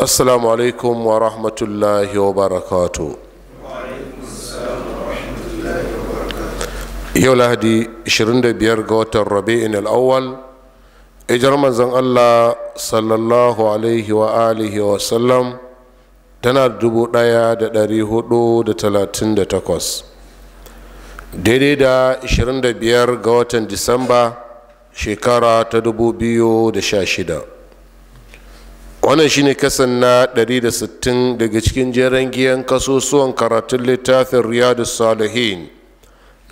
assalamu alaikum wa rahmatullahi wa barakatu yau lahadi 25 ga watan rabi'in al'awwal ijar manzan allah sallallahu alaihi wa alihi wa sallam tana takwas daidai da 25 ga watan disamba shekara ta dubu biyu da sha shida. wannan shi ne kasan na 160 daga cikin jeren giyan kasusuwan karatun littafin riyadu salihin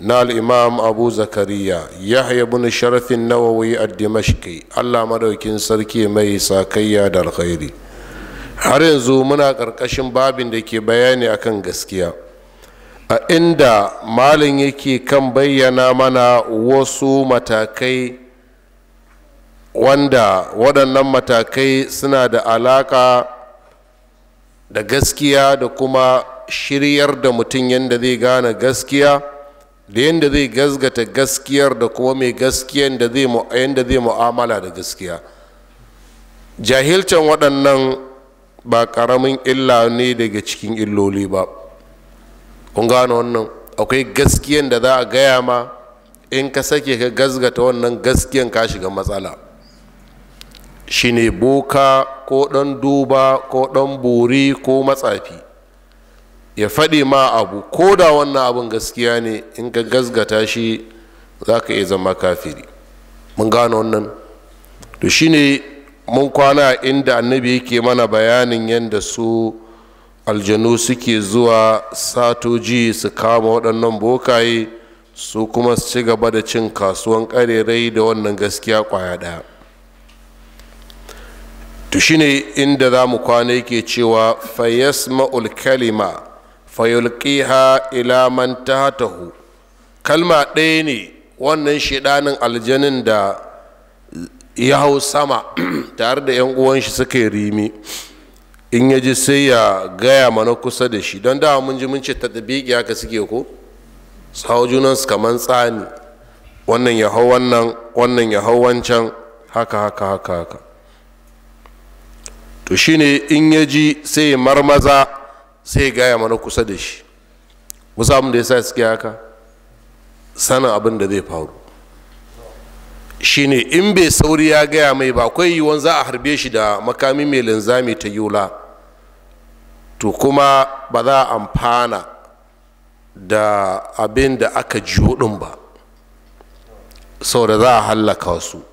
na al'imam abu zakariya yahya bin sharafin nawawi a dimashki allah madaukin sarki mai sakayya da alkhairi har yanzu muna ƙarƙashin babin da ke bayani akan gaskiya a inda malin yake kan bayyana mana wasu matakai wanda waɗannan matakai suna da alaƙa da gaskiya da kuma shiryar da mutum yadda zai gane gaskiya da yadda zai gasgata gaskiyar da kuma mai gaskiya yadda zai mu'amala da gaskiya jahilcin waɗannan ba ƙaramin illa ne daga cikin illoli ba kun gano wannan akwai gaskiyan da za a gaya ma in ka sake ka gasgata wannan gaskiyan ka shiga matsala shine boka ko ɗan duba ko ɗan bori ko matsafi ya faɗi ma abu ko da wannan abin gaskiya ne in ka gasgata shi za ka iya zama kafiri mun gane wannan to shine mun kwana inda annabi yake mana bayanin yadda su aljanu suke zuwa satoji su kama waɗannan bokaye su kuma su ci gaba da cin kasuwan ƙarerai da wannan gaskiya ƙwaya ɗaya to shine inda za mu kwana yake cewa fayasma'ul kalima fayulqiha ila man tahtahu kalma ɗaya ne wannan shidanin aljanin da ya hau sama tare da 'yan uwan shi suka rimi in ya ji sai ya gaya mana kusa da shi don dawa mun ji mun ce tatabiki haka suke ko tsawo su kamar tsani wannan ya hau wannan wannan ya hau wancan haka haka haka haka to shine in ya ji sai ya marmaza sai ya gaya mana kusa da shi wasu abin da ya sa suke haka sanin abin da zai faru shine in bai sauri ya gaya mai ba akwai yiwuwan za a harbe shi da makami mai linzami ta yula to kuma ba za a amfana da abin da aka ji ba sau da za a hallaka su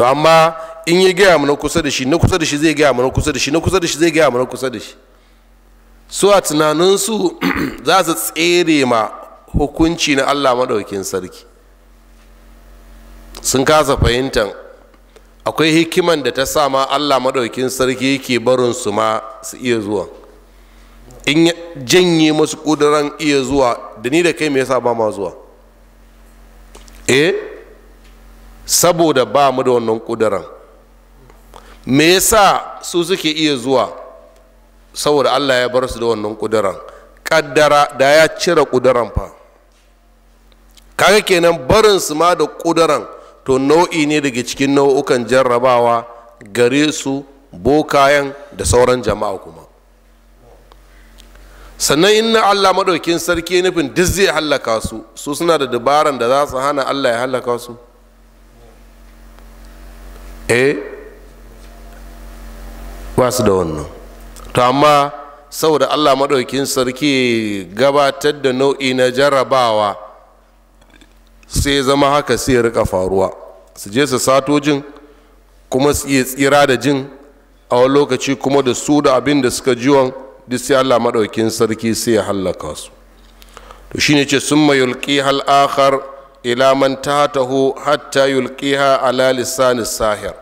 to amma in ya gaya mana kusa da shi na kusa da shi zai gaya mana kusa da shi na kusa da shi zai gaya mana kusa da shi su a tunaninsu za su tsere ma hukunci na allah maɗaukin sarki sun kasa fahimtar akwai hikiman da ta sa ma allah maɗaukin sarki yake barin su ma su iya zuwa in janye masu ƙudurar iya zuwa da ni da kai me yasa ba ma zuwa eh saboda ba mu da wannan ƙudurin me yasa su suke iya zuwa saboda allah ya bar su da wannan ƙudurin ƙaddara da ya cire ƙudurin fa kaga kenan barin su ma da ƙudurin to nau'i ne daga cikin nau'ukan jarrabawa gare su bokayen da sauran jama'a kuma sannan in na allah maɗaukin sarki nufin duk zai hallaka su su suna da dabaran da za su hana allah ya hallaka su E ba su da wannan to amma saboda allah maɗaukin sarki gabatar da nau'i na jarrabawa sai zama haka sai ya rika faruwa su je su sato jin kuma su iya tsira da jin a wani lokaci kuma da su da abin da suka jiwon duk sai allah maɗaukin sarki sai ya hallaka su to shine ce sun mayulki halakar. akhar ila man tahatahu hatta yulqiha ala lisani sahir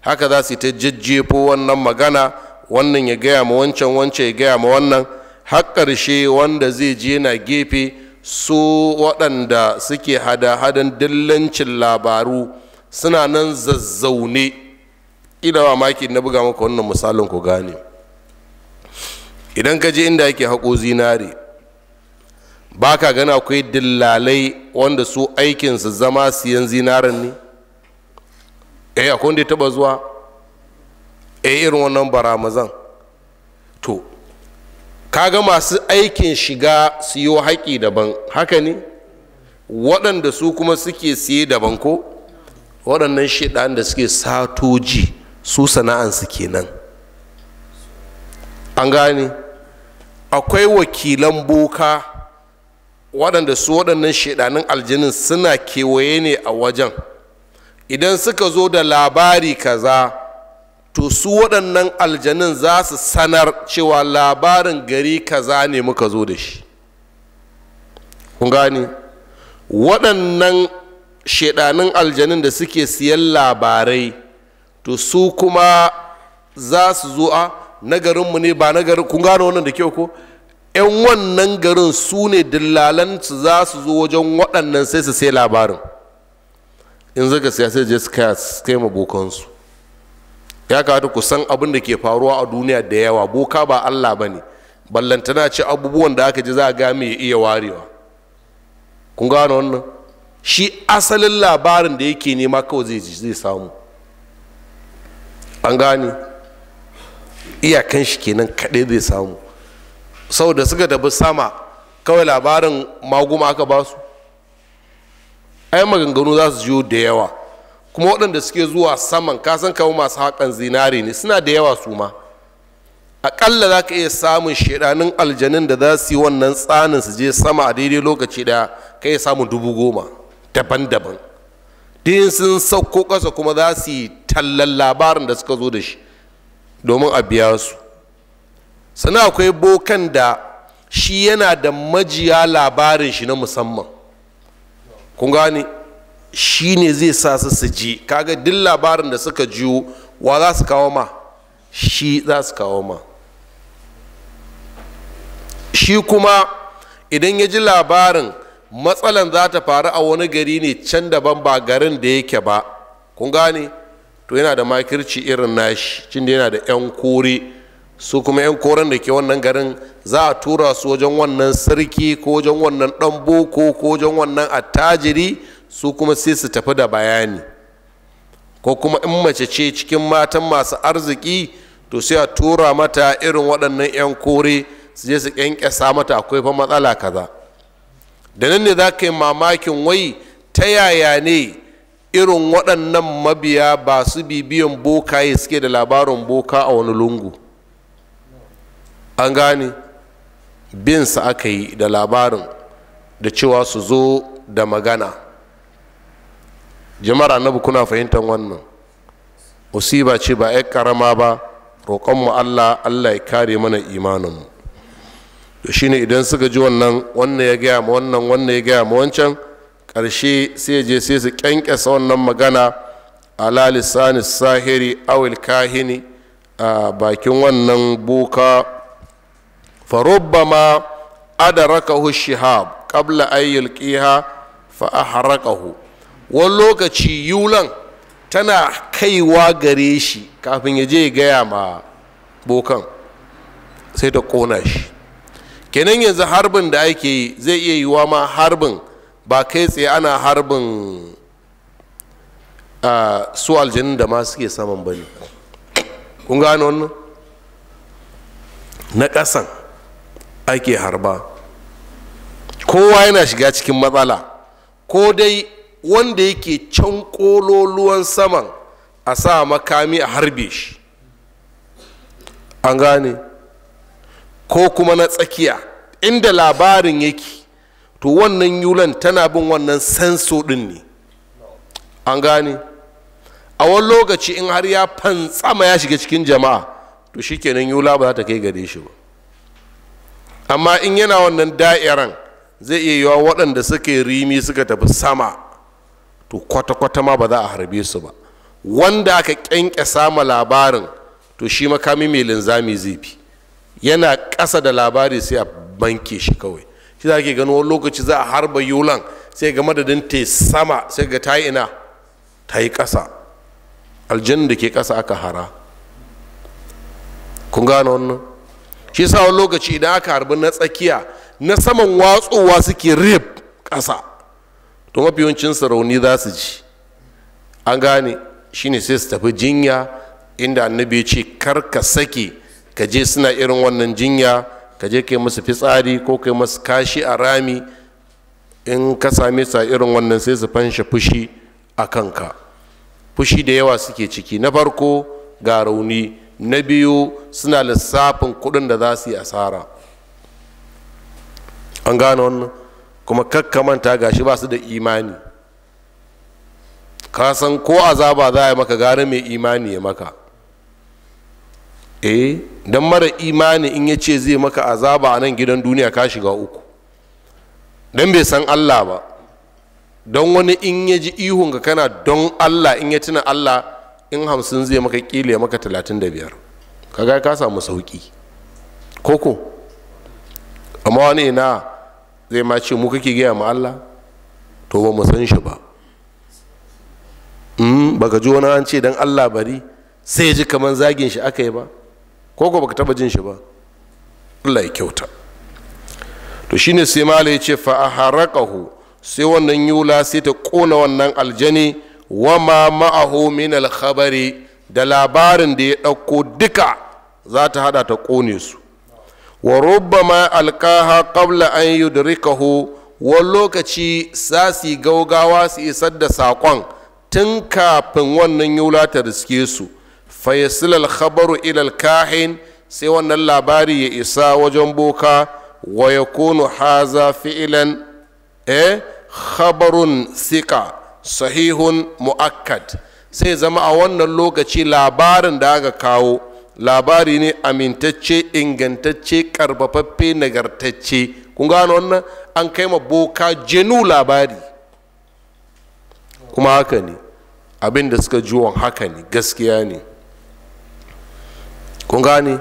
haka za su ta jajjefo wannan magana wannan ya gaya ma wancan wancan ya gaya ma wannan har ƙarshe wanda zai je na gefe su waɗanda suke hada-hadan dillancin labaru suna nan zazzaune ila ba maki na buga maka wannan misalin ku gane idan ka je inda ake haƙo zinare ba ka gana akwai dillalai wanda su aikinsu zama siyan zinarin ne eh akwai wanda ya taba zuwa eh irin wannan baramazan to ka ga masu aikin shiga siyo yi haƙi daban haka ne waɗanda su kuma suke siye daban ko waɗannan shiɗan da suke satoji su sana'ansu kenan an gane akwai wakilan boka waɗanda su waɗannan shaidanin aljinin suna kewaye ne a wajen idan suka zo da labari kaza to su waɗannan aljanin za su sanar cewa labarin gari kaza ne muka zo da shi kun gane waɗannan shaidanin aljanin da suke siyan labarai to su kuma za su zo a ah, nagarinmu ne ba nagarin kun gano wannan da kyau ko 'yan wannan garin su ne dillalansu za su zo wajen waɗannan sai su sai labarin in zaka siya sai je su kai ma bokansu ya kawata ku san abin da ke faruwa a duniya da yawa boka ba allah ba ne ballantana ce abubuwan da aka ji za a ga ya iya warewa kun gano wannan shi asalin labarin da yake nema kawai zai zai samu an gane iyakan shi kenan kaɗai zai samu Sau da suka tafi sama kawai labarin maguma aka ba su ai maganganu za su jiyo da yawa kuma waɗanda suke zuwa saman kasan kawo masu haƙan zinari ne suna da yawa su ma aƙalla za ka iya samun shaidanin aljanin da za su yi wannan tsanin su je sama a daidai lokaci ɗaya ka iya samun dubu goma daban-daban din sun sauko ƙasa kuma za su yi tallan labarin da suka zo da shi domin a biya su sannan akwai bokan da shi yana da majiya labarin shi na musamman kun gane shi ne zai sa su su je kaga duk labarin da suka jiwo wa za su kawo ma shi za su kawo ma shi kuma idan ya ji labarin matsalan za ta faru a wani gari ne can daban ba garin da yake ba kun gane to yana da makirci irin nashi cin da yana da 'yan kore su kuma 'yan koren da ke wannan garin za a tura su wajen wannan sarki ko wajen wannan dan boko ko wajen wannan attajiri su kuma sai su tafi da bayani ko kuma in mace ce cikin matan masu arziki to sai a tura mata irin waɗannan 'yan kore su je su ƙyanƙyasa mata akwai fa matsala kaza da nan ne za ka yi mamakin wai ta yaya ne irin waɗannan mabiya ba su bibiyan bokaye suke da labarin boka a wani lungu an gane sa aka yi da labarin da cewa su zo da magana jama'ar annabi kuna fahimtar wannan ba ce ba ya karama ba roƙonmu allah allah ya kare mana imaninmu da shi ne idan suka ji wannan wannan ya gaya ma wannan wannan ya gaya ma wancan ƙarshe sai je sai su ƙyanƙyasa wannan magana ala lisani sahiri awil kahini a bakin wannan boka فربما أدركه الشهاب قبل أن يلقيها Wani lokaci يولن tana kaiwa gare shi kafin ya je ya gaya ma bokan sai ta ƙona shi kenan yanzu harbin da ake yi zai iya yiwa ma harbin ba kai tsaye ana harbin su aljanin da ma suke saman ba ne kun gano wannan na ƙasan ake harba kowa yana shiga cikin matsala ko dai wanda yake can kololuwan saman a sa makami a harbe shi an gane ko kuma na tsakiya inda labarin yake to wannan yulan tana bin wannan sanso din ne an gane a wani lokaci in har ya fantsama ya shiga cikin jama'a to shi shikenan yula ba za ta kai gare shi ba amma in yana wannan da'iran zai iya yiwa waɗanda suke rimi suka tafi sama to kwata-kwata ma ba za a harbe su ba wanda aka kyanke ma labarin to shi makami mai linzami zai fi yana ƙasa da labari sai a banke shi kawai shi za ke gani wani lokaci za a harba yulan sai ga madadin te sama sai ga ta yi ina ta yi ƙasa aljanna da ke ƙasa aka hara kun gane wannan shi yasa wani lokaci idan aka harbi na tsakiya na saman watsowa suke rib ƙasa to mafi rauni za su ji an gane shine sai su tafi jinya inda annabi ya ce kar ka sake ka je suna irin wannan jinya ka je kai musu fitsari ko kai musu kashi a rami in ka same su a irin wannan sai su fanshe fushi a kanka fushi da yawa suke ciki na farko ga rauni na biyu suna lissafin kuɗin da za su yi asara an gano wannan kuma kakkamanta shi ba su da imani ka san ko azaba za a yi maka gara mai imani ya maka eh don mara imani in ya zai maka azaba a nan gidan duniya ka shiga uku don bai san allah ba don wani in yaji ji ihunka kana don allah in ya tuna allah in hamsin zai maka kila ya maka talatin da biyar kaga ka samu sauki koko amma wani ina zai ma ce mu kake gaya ma Allah to ba mu san shi ba in hmm, baka ji wani an ce dan Allah bari sai ji kamar zagin shi aka yi ba koko baka taba jin shi ba Allah ya kyauta to shine sai mala ya ce fa harakahu sai wannan yula sai ta kona wannan aljani wama ma'ahu min alkhabari da labarin da ya ɗauko duka za ta hada ta ƙone su wa rubbama alkaha qabla an yudrikahu wani lokaci sa su gaugawa su isar da saƙon tun kafin wannan yula ta riske su fayasil alkhabaru ilal kahin sai wannan labari ya isa wajen boka wa ya haza fi'ilan eh khabarun sika sahihun mu'akkad sai zama a wannan lokaci labarin da aka kawo labari ne amintacce ingantacce karbafaffe nagartacce kun gano wannan an kai ma boka jenu labari kuma haka ne abin da suka juwon haka ne gaskiya ne kun gane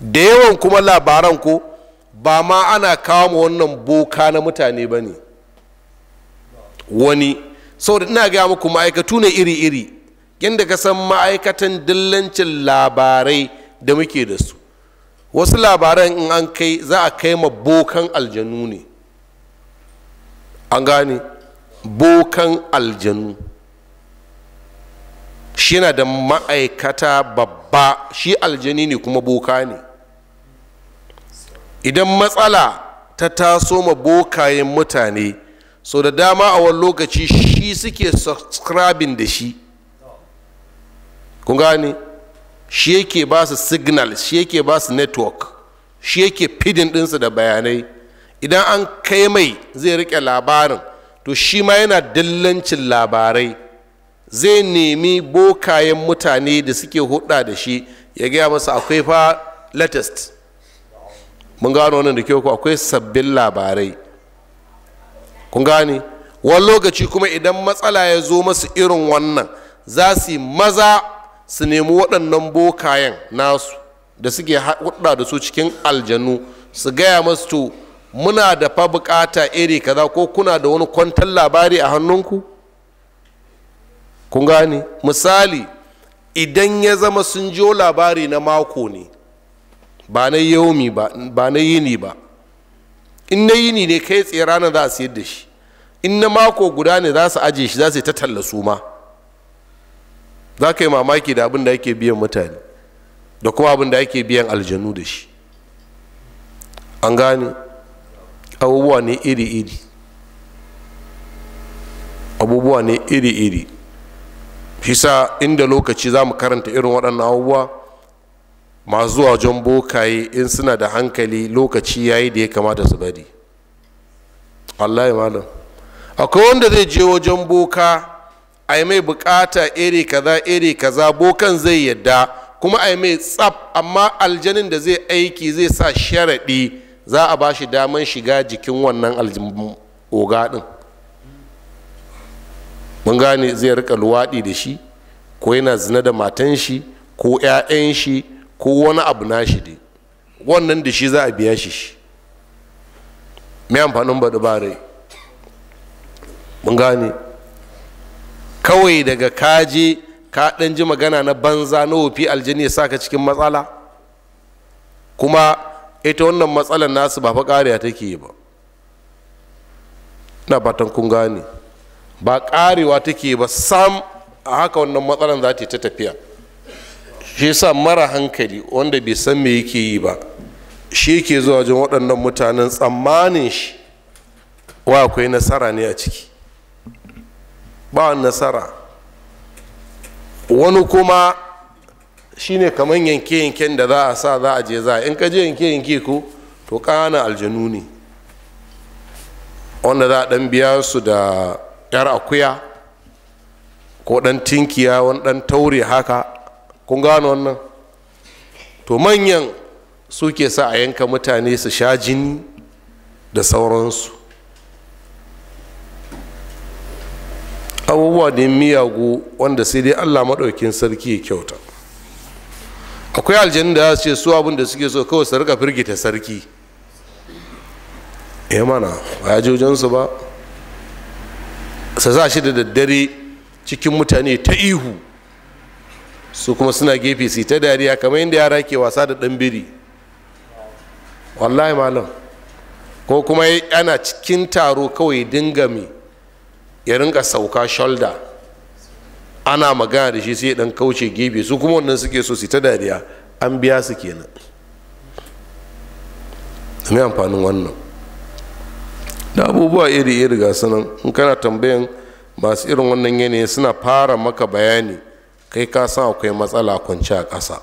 da yawan kuma labaran ko ba ma ana kawo wannan boka na mutane ba ne wani saboda ina gaya muku ma'aikatu ne iri-iri yadda ka san ma'aikatan dillancin labarai da muke da su wasu labaran in an kai za a kai ma bokan aljanu ne an gane bokan aljanu shi yana da ma'aikata babba shi aljani ne kuma boka ne idan matsala ta taso ma bokayen mutane so da dama a wani lokaci shi suke subscribing da shi kun gane shi yake ba su signal shi yake ba su network shi yake feeding dinsu da bayanai idan an kai mai zai rike labarin to shi ma yana dillancin labarai zai nemi bokayen mutane da suke hudda da shi ya gaya masa akwai fa latest mun gano wannan da kyau ku akwai sabbin labarai kun gane wani lokaci kuma idan matsala ya zo masu irin wannan za su maza su nemi waɗannan bokayen nasu da suke hudda da su cikin aljanu su gaya masu to muna da fa bukata iri kaza ko kuna da wani kwantar labari a hannunku kun gane misali idan ya zama sun jo labari na mako ne ba na yomi ba na yini ba in na yini ne kai tsaye ranar za a siyar da shi in na mako guda ne za su aje shi za su yi ta talla su ma za ka yi mamaki da abin da ake biyan mutane da kuma abin da ake biyan aljanu da shi an gane abubuwa ne iri-iri abubuwa ne iri-iri fisa inda lokaci za mu karanta irin waɗannan abubuwa masu zuwa wajen bokaye in suna da hankali lokaci ya yi da ya kamata su bari wallahi malam akwai wanda zai je wajen boka a yi mai bukata iri kaza iri kaza bokan zai yadda kuma a yi mai tsaf amma aljanin da zai aiki zai sa sharaɗi za a ba shi daman shiga jikin wannan aljin oga ɗin mun gane zai rika luwaɗi da shi ko yana zina da matan shi ko 'ya'yan shi ko wani abu nashi dai wannan da shi za a biya shi shi mai amfanin ba rai mun gane kawai daga kaje ka ɗan ji magana na banza na wofi aljini ya saka cikin matsala kuma ita wannan matsalar nasu ba fa ƙariya take ba na fatan kun gane ba ƙarewa take ba sam a haka wannan matsalar za ta tafiya shi yasa mara hankali wanda bai san me yake yi ba shi ke zuwa wajen waɗannan mutanen tsammanin shi wa akwai nasara ne a ciki ba nasara wani kuma shi ne kamar yanke-yanken da za a sa za a je za in ka je yanke-yanke ko to ƙana aljanu ne wanda za a ɗan biya su da 'yar akuya ko ɗan tinkiya wani ɗan taure haka kun gano wannan to manyan suke sa a yanka mutane su sha jini da sauransu abubuwa da miyagu wanda sai dai allah maɗaukin sarki ya kyauta akwai aljanun da ce su abin da suke so kawai su rika firgita sarki ya eh mana ba ya ba sa shi da daddare cikin mutane ta ihu su kuma suna gefe su ta dariya kamar yadda yara ke wasa da ɗan biri wallahi malam ko kuma ana cikin taro kawai dinga mi ya rinka sauka shoulder ana magana da shi sai dan kauce gefe su kuma wannan suke so su ta dariya an biya su kenan da mai amfanin wannan da abubuwa iri iri ga sanan in kana tambayan masu irin wannan yanayi suna fara maka bayani kai ka san akwai matsala kwanci a ƙasa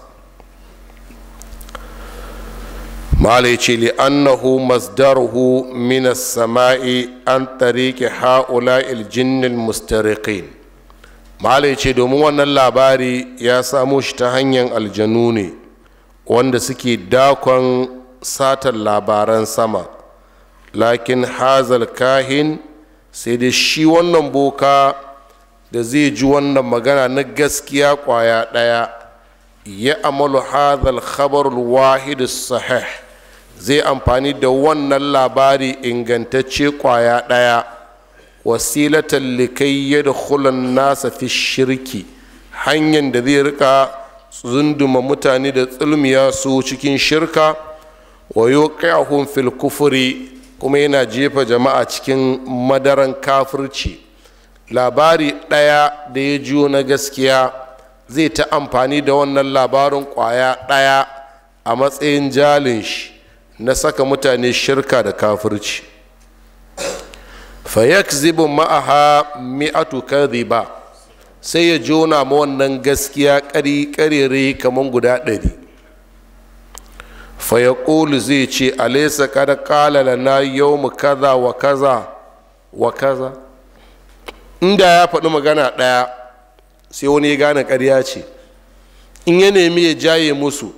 malai ce li annahu masdaruhu min samai an tariki haula iljinnil mustariqin malai ce domin wannan labari ya samo shi ta hanyar aljanu ne wanda suke dakon satan labaran sama lakin hazal kahin sai dai shi wannan boka da zai ji wannan magana na gaskiya kwaya ɗaya ya amalu hadhal khabarul wahid sahih zai amfani da wannan labari ingantacce kwaya ɗaya wasilatan likai ya da nasa fi shirki hanyar da zai rika zunduma mutane da tsulmiya su cikin shirka wa yuqihum fil kufuri kuma yana jefa jama'a cikin madaran kafirci labari ɗaya da ya juyo na gaskiya zai ta amfani da wannan labarin ƙwaya ɗaya a matsayin jalin shi na saka mutane shirka da kafirci fayakzibu ma'aha mi'atu kadhiba sai ya jona ma wannan gaskiya ƙari kamar guda ɗari fayakulu zai ce alaisa kada kalala na yau mu kaza wa kaza wa kaza inda ya faɗi magana ɗaya sai wani ya gane ƙarya ce in ya nemi ya jaye musu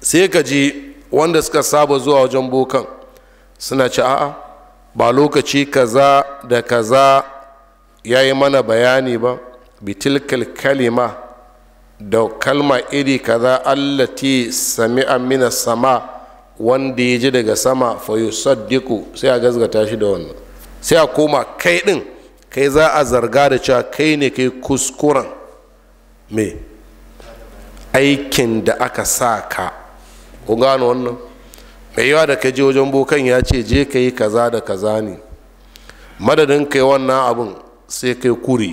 sai ka ji wanda suka saba zuwa wajen bokan suna ci a'a ba lokaci kaza da kaza ya yi mana bayani ba bitilkal kalima da kalma iri kaza allati sami'a mina sama wanda ya ji daga sama fa yusaddiku sai a gazgata shi da wannan sai a koma kai ɗin kai za a zarga da cewa kai ne kai kuskuren me aikin da aka sa ka ku gano wannan mai yawa da ka je wajen bokan ya ce je ka yi kaza da kaza ne madadin kai wannan abin sai kai kuri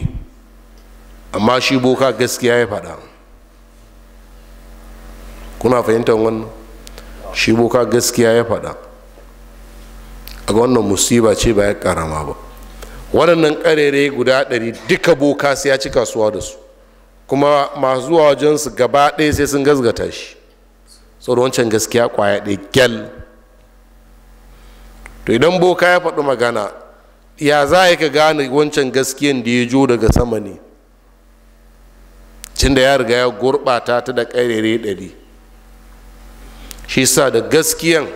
amma shi boka gaskiya ya faɗa kuna fahimtar wannan shi boka gaskiya ya faɗa a wannan musiba ce ba ya karama ba waɗannan ƙarere guda ɗari duka boka sai ya ci kasuwa da su kuma masu zuwa wajensu gaba ɗaya sai sun gazgata shi saboda wancan gaskiya kwaya ɗaya gyal to idan boka ya faɗi magana ya za a yi ka gane wancan gaskiyan da ya jo daga sama ne cin da ya riga ya gurɓata ta da ƙarere ɗari shi sa da gaskiyan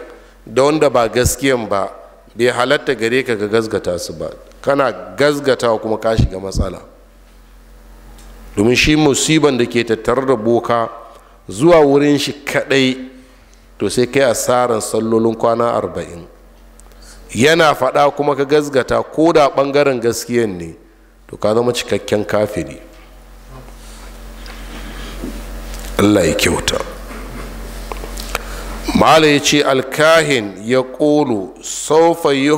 da wanda ba gaskiyan ba bai halatta gare ka ga gazgata su ba kana gazgata kuma ka shiga matsala domin shi musiban da ke tattare da boka zuwa wurin shi kadai to sai kai asaran sallolin kwana arba'in yana faɗa kuma ka gazgata ko da ɓangaren gaskiya ne to ka zama cikakken kafiri allah ya kyauta malai ya ce alkahin ya ƙolo saufa yi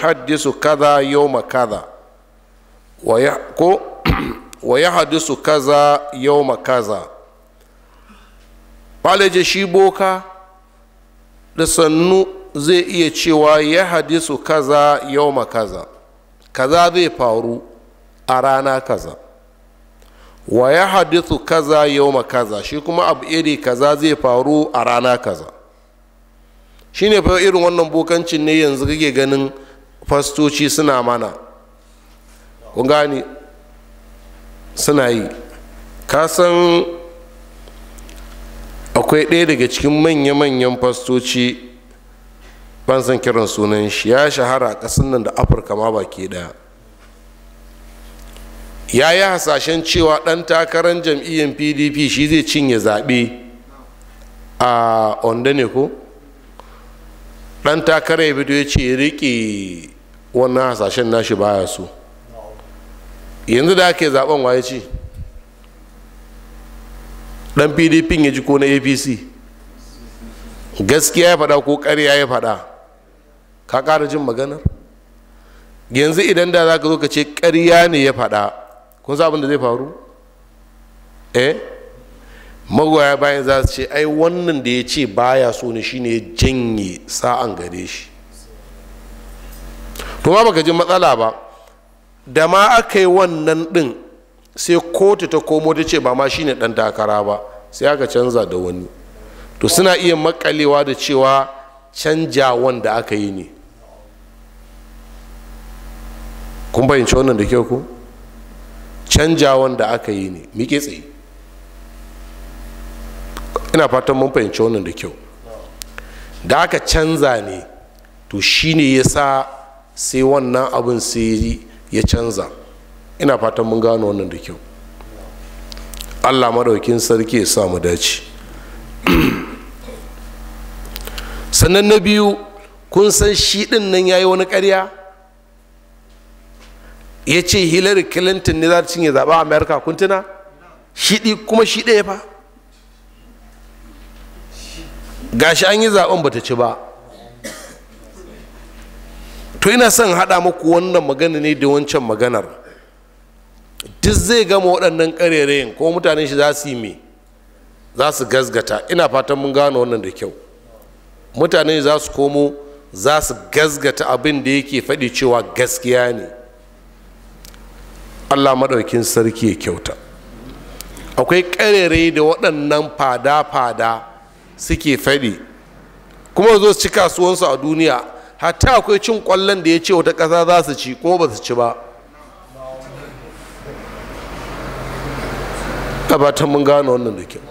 haddisu kaza yau ma kaza wa ya haddisu kaza yau ma kaza malai ya ce shi boka da sannu zai iya cewa ya haddisu kaza yau ma kaza kaza zai faru a rana kaza wa ya hadithu kaza yau kaza shi kuma abu iri kaza zai faru a rana kaza shi ne fa irin wannan bokancin ne yanzu kake ganin fastoci suna mana kun gani suna yi kasan akwai ɗaya daga cikin manya-manyan fastoci ban san kiran sunan shi ya shahara a ƙasar nan da afirka ma baki ɗaya ya yi hasashen cewa ɗan takarar jam'iyyar pdp shi zai cinye zaɓe a onda ne ko ɗan takarar ya fito ya ce riƙe wannan hasashen nashi baya su yanzu da ake zaɓen waye ce ɗan pdp ya ji ko na apc gaskiya ya faɗa ko ƙarya ya faɗa ka ƙara jin maganar yanzu idan da za ka zo ka ce ƙarya ne ya faɗa kun sa abin zai faru eh magoya bayan za su ce ai wannan da ya ce baya so ne shine ne janye sa'an gare shi to ma baka ji matsala ba da ma aka yi wannan din sai kotu ta komo ta ce ba ma shine ɗan takara ba sai aka canza da wani to suna iya makalewa da cewa canja wanda aka yi ne kun bayyance wannan da kyau ku canjawan da aka yi ne miƙe tsaye ina fatan mun fahimci wannan da kyau da aka canza ne to shine ya sa sai wannan abin sai ya canza ina fatan mun gano wannan da kyau allah maɗaukin sarki ya sa mu dace sannan na biyu kun san shi ɗin nan ya yi wani ƙarya ya ce hillary clinton ne za ta cinye a america kuntuna shiɗi kuma shi ɗaya fa gashi an yi zaɓen bata ci ba to ina son haɗa muku wannan magana ne da wancan maganar duk zai gama waɗannan ƙarerayin ko mutane shi za su yi me za su gazgata ina fatan mun gano wannan da kyau mutane za su komo za su gazgata abin da yake faɗi cewa gaskiya ne allah maɗaukin sarki ya kyauta akwai ƙarere da waɗannan fada-fada suke faɗi kuma zo ci kasuwansu a duniya hatta akwai cin ƙwallon da ya ce wata ƙasa za su ci kuma ba su ci ba tabbatar mun gano wannan da kyau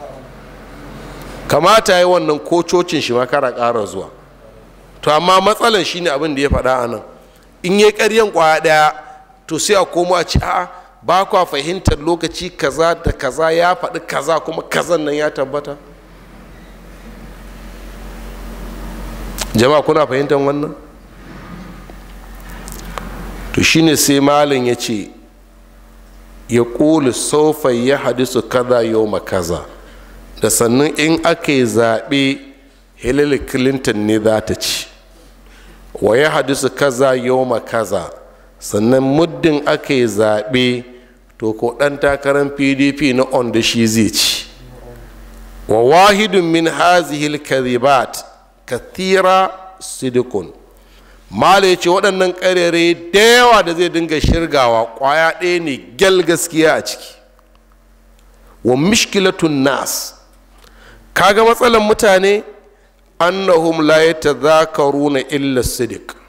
kamata yi wannan kococin shi ma kara ƙara zuwa to amma matsalan shine abin da ya faɗa a nan in ya ƙaryan ƙwaya ɗaya to sai a komo a ci a ah, ba kwa fahimtar lokaci kaza da kaza ya faɗi kaza kuma kazan nan ya tabbata jama'a kuna fahimtar wannan to shine sai malin ya ce ya ƙuli sofa ya hadisu kaza yau ma kaza da sannan in aka yi zaɓe hillary clinton ne za ta ci wa ya hadisu kaza yau ma kaza sannan muddin aka yi zaɓe to ko ɗan takarar pdp na on da shi zai ci wa wahidun min hazihil kadhibat kathira sidikun mala ya ce waɗannan ƙarere da yawa da zai dinga shirgawa ƙwaya ɗaya ne gyal gaskiya a ciki wa mishkilatun nas kaga matsalar mutane annahum la runa illa sidik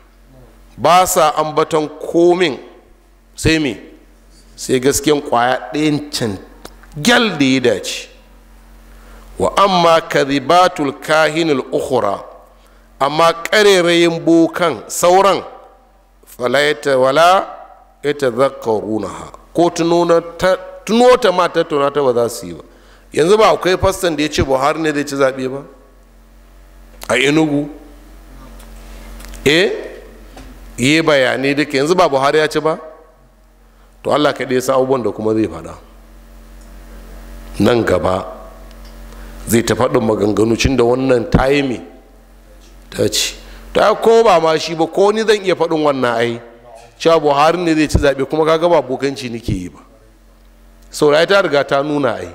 ba sa ambaton komin sai me sai gasken kwaya ɗayan can gyal da ya dace wa amma ribatul kahinul ukhra amma ƙarerayin bokan sauran falaita wala ita ha ko tuno ta ma tattauna ta ba za su yi ba yanzu ba akwai fastan da ya ce buhari ne zai ci zaɓe ba a enugu eh yi bayani duka yanzu ba buhari ya ci ba to allah kaɗai san abubuwan da kuma zai faɗa nan gaba zai ta faɗin maganganu cin da wannan taimi ta ci ta ko ba ma shi ba ko ni zan iya faɗin wannan ai cewa buhari ne zai ci zaɓe kuma ka gaba bokanci nake yi ba saurayi ta riga ta nuna ai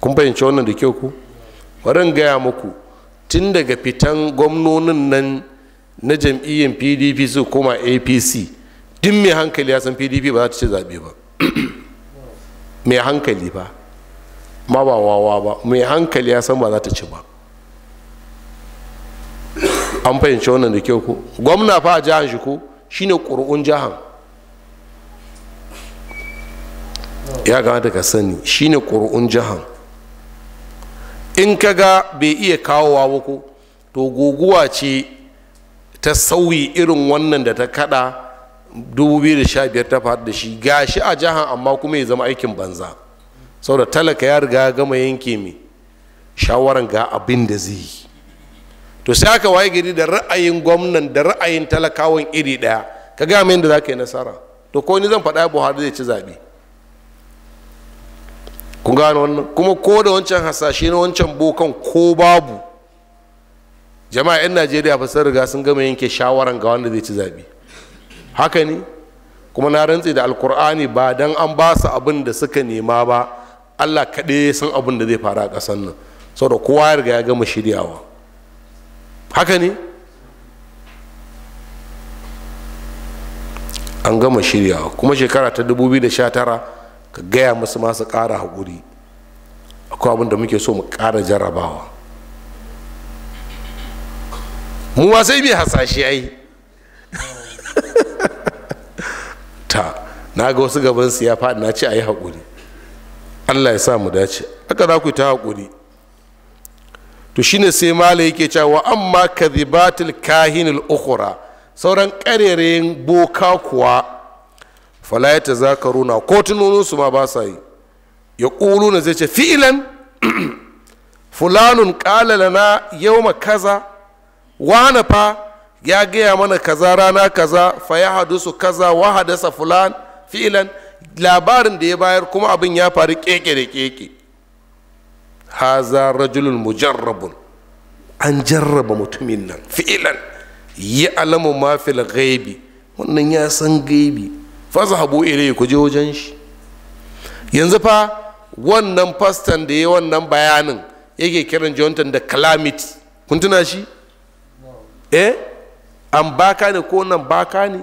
kun fahimci wannan da kyau ku bari gaya muku tun daga fitan gwamnonin nan na jam'iyyar pdp su koma apc duk mai hankali ya san pdp ba za ta ce zaɓe ba mai hankali ba ma ba wawa ba mai hankali ya san ba za ta ci ba an fahimci wannan da kyau ko gwamna fa a jihar shi ko shine ƙuri'un jihar ya kamata ka sani shine ƙuri'un jihar in ka ga bai iya kawo ba ko to guguwa ce ta sauyi irin wannan da ta kada 2015 ta faru da shi gashi a jihar amma kuma ya zama aikin banza sau da talaka ya riga gama yanke mai shawaran ga abin da zai yi to sai aka waye gari da ra'ayin gwamnan da ra'ayin talakawan iri ɗaya ka ga min da za ka yi nasara to ko ni zan faɗa buhari zai ci zaɓe kun gane wannan kuma ko da wancan hasashe na wancan bokan ko babu jama'a 'yan najeriya fa sun riga sun gama yanke shawaran ga wanda zai ci zabi haka ne kuma na rantse da alkur'ani ba dan an ba su abin da suka nema ba allah kaɗai san abin da zai faru a ƙasar nan saboda kowa ya riga ya gama shiryawa haka ne an gama shiryawa kuma shekara ta 2019 ka gaya musu masu ƙara haƙuri akwai abin da muke so mu ƙara jarrabawa mu ma sai mai hasashe ai ta na ga wasu gaban su ya faɗi na ce a yi haƙuri allah ya sa mu dace haka za ku ta hakuri. to shine sai mala yake cewa amma kadhibatul kahinul ukhra sauran ƙarerayin boka kuwa za ka runa, ko su ma ba sa yi ya ƙulu na zai ce fi'ilan fulanun ƙalala lana yau kaza wane fa ya gaya mana kaza rana kaza fa ya su kaza wa hadasa fulan filan labarin da ya bayar kuma abin ya faru keke da keke haza rajulun mujarrabun an jarraba mutumin nan filan yi alamu ma fil gaibi wannan ya san gaibi fa zahabu ilai ku je wajen shi yanzu fa wannan fastan da ya wannan bayanin yake kiran jontan da calamity kun tuna shi eh an baka ne ko nan baka ne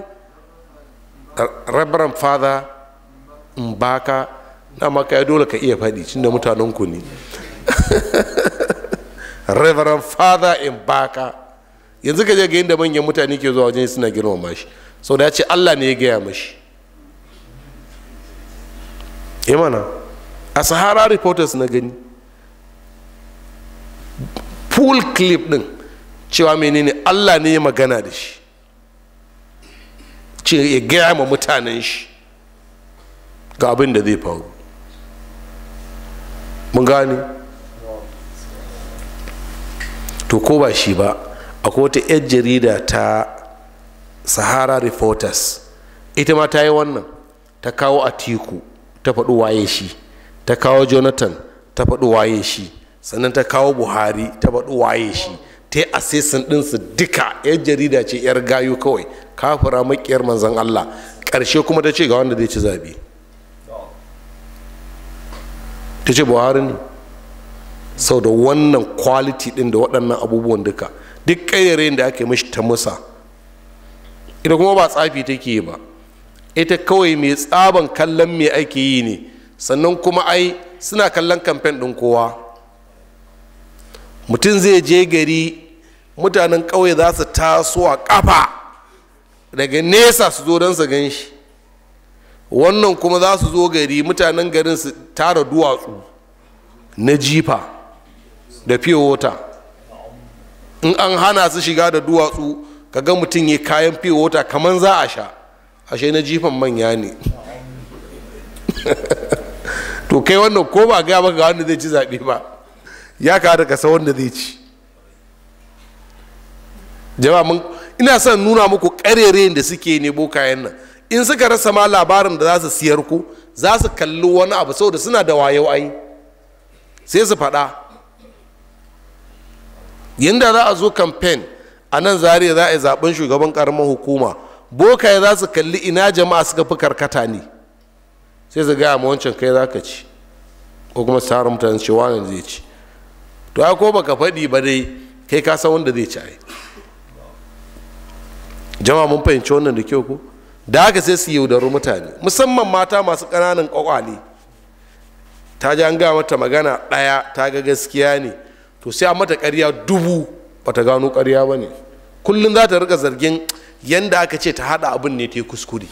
rabaran fada in baka na maka ya dole ka iya faɗi cinda mutanen ku ne reverend father in baka yanzu ka je ga inda manyan mutane ke zuwa wajen suna girmama shi sau da ya ce allah ne ya gaya mashi imana eh a sahara reporters na gani pool clip din cewa menene allah ne ya magana da shi ce ya gaya ma mutanen shi ga abin da zai faru mun gane to ko ba shi ba akwai wata 'yar jarida ta sahara reporters ita ma ta yi wannan ta kawo atiku ta faɗi waye shi ta kawo jonathan ta faɗi waye shi sannan ta kawo buhari ta faɗi waye shi ta yi assessin ɗinsu duka 'yan jarida ce yar gayu kawai kafura makiyar manzan allah ƙarshe kuma ta ce ga wanda zai ci zabi ta ce buhari ne sau da wannan kwaliti ɗin da waɗannan abubuwan duka duk ƙayyare da ake mashi ta musa ita kuma ba tsafi take yi ba ita kawai mai tsaban kallon mai ake yi ne sannan kuma ai suna kallon kamfen ɗin kowa mutum zai je gari mutanen ƙauye za su taso a ƙafa daga nesa su zo don su gan shi wannan kuma za su zo gari mutanen garin su tara duwatsu na jifa da fiye wota in an hana su shiga da duwatsu kaga mutum ya kayan fiye wota kamar za a sha ashe na jifan manya ne to kai wannan ko ba gaya ga wanda zai ci zaɓe ba ya kada ka sa wanda zai ci jama mun ina son nuna muku ƙarerayen da suke ne kayan nan in suka rasa ma labarin da za su siyar ku za su kalli wani abu saboda suna da wayo ai sai su faɗa yadda za a zo kamfen a nan zariya za a yi zaben shugaban karamar hukuma bokaye za su kalli ina jama'a suka fi karkata ne sai su gaya ma wancan kai za ka ci ko kuma su mutane cewa ne zai ci to ko baka faɗi ba dai kai ka san wanda zai ci ai jama mun fahimci wannan da kyau ko da haka sai su yaudaru mutane musamman mata masu ƙananan ƙwaƙwale ta ji an gaya mata magana ɗaya ta ga gaskiya ne to sai a mata ƙarya dubu bata gano ƙarya ba ne kullum za ta rika zargin yanda aka ce ta haɗa abin ne ta yi kuskure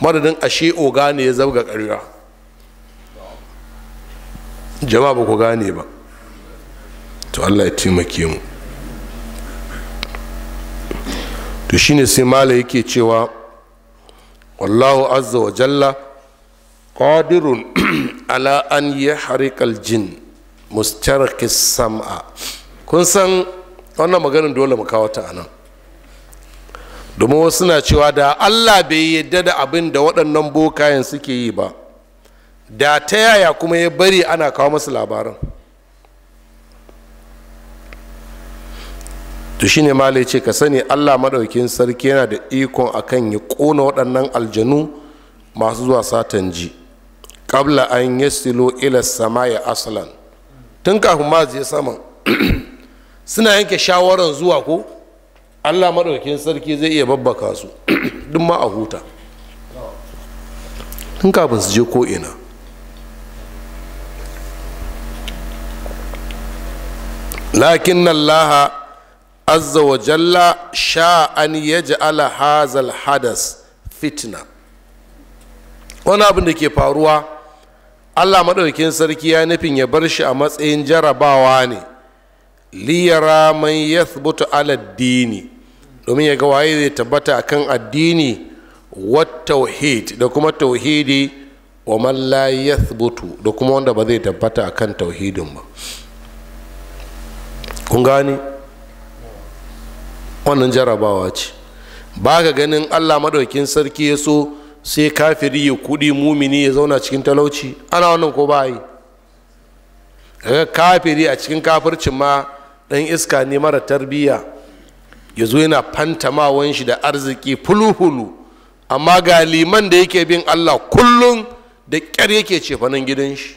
madadin ashe oga ne ya zabga ƙarya jama'a ba ku gane ba to allah ya taimake mu to shine sai malai yake cewa wallahu azza wa jalla qadirun ala an yahrikal jin mustarqis sam'a kun san wannan maganin dole mu kawo ta anan domin wasu na cewa da allah bai yadda da abin da waɗannan bokayen suke yi ba da ta yaya kuma ya bari ana kawo masu labarin. to shine malai ce ka sani allah maɗaukin sarki yana da ikon akan ya kona waɗannan aljanu masu zuwa satan ji ƙabla an silo ila sama ya aslan tun kafin ma je saman suna yanke shawaran zuwa ko allah maɗaukin sarki zai iya babbaka su duk ma a huta tun kafin su je ko ina lakin nan laha azza wa jalla sha an yaj'ala hazal hadas fitna wani abin da ke faruwa allah maɗaukin sarki ya nufin ya bar shi a matsayin jarabawa ne liyara man yathbutu ala dini domin ya ga waye zai tabbata a kan addini wa tauhid da kuma tauhidi wa man la da kuma wanda ba zai tabbata a kan tauhidin ba kun wannan jarabawa ce ba ga ganin allah maɗaukin sarki ya so sai kafiri ya kuɗi mumini ya zauna cikin talauci ana wannan ko ba yi kaga kafiri a cikin kafircin ma ɗan iska ne mara tarbiyya ya zo yana fantamawan shi da arziki fulu-fulu amma ga liman da yake bin allah kullum da ƙyar yake cefanin gidan shi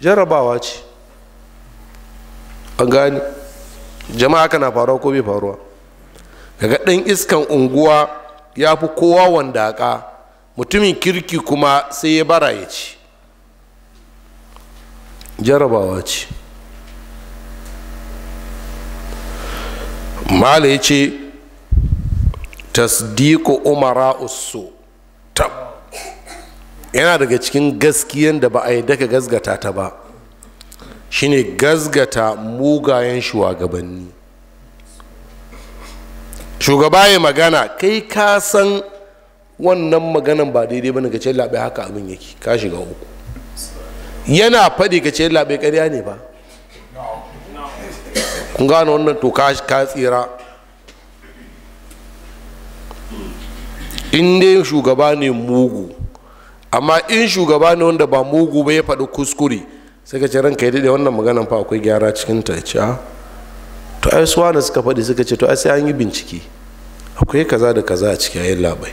jarabawa ce an gane jama'a kana faruwa ko bai faruwa kaga ɗan iskan unguwa ya fi kowa wandaƙa mutumin kirki kuma sai ya bara ya ci jarabawa ce mala ya ce tasdiku umara usu yana daga cikin gaskiyan da ba a yadda ka gasgata ta ba shine gasgata mugayen shugabanni shugaba ya magana kai ka san wannan maganan ba daidai bane ga ce labe haka abin yake ka shiga uku yana faɗi ga ce labe ƙarya ne ba kun gane wannan to ka tsira in dai shugaba ne mugu amma in shugaba ne wanda ba mugu ba ya faɗi kuskure sai ka ce ranka ya dade wannan maganan fa akwai gyara cikin ta ce ah, to ai su wani suka faɗi suka ce to ai sai an yi bincike akwai kaza da kaza a ciki ayin labai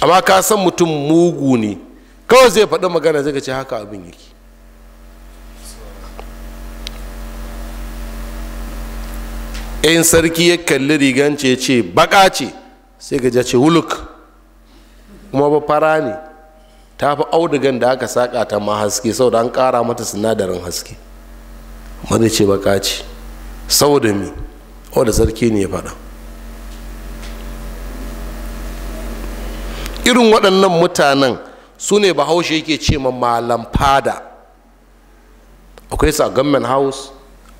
amma ka san mutum mugu ne kawai zai faɗi magana zai ce haka abin yake in sarki ya kalli rigan ce ce baka ce sai ga ce wuluk kuma ba fara ne ta fi audugan da aka saƙa ta ma haske saboda an ƙara mata sinadarin haske mana ce baka ce saboda mi wanda sarki ne ya faɗa irin waɗannan mutanen su ne bahaushe yake ce ma malam fada akwai su a government house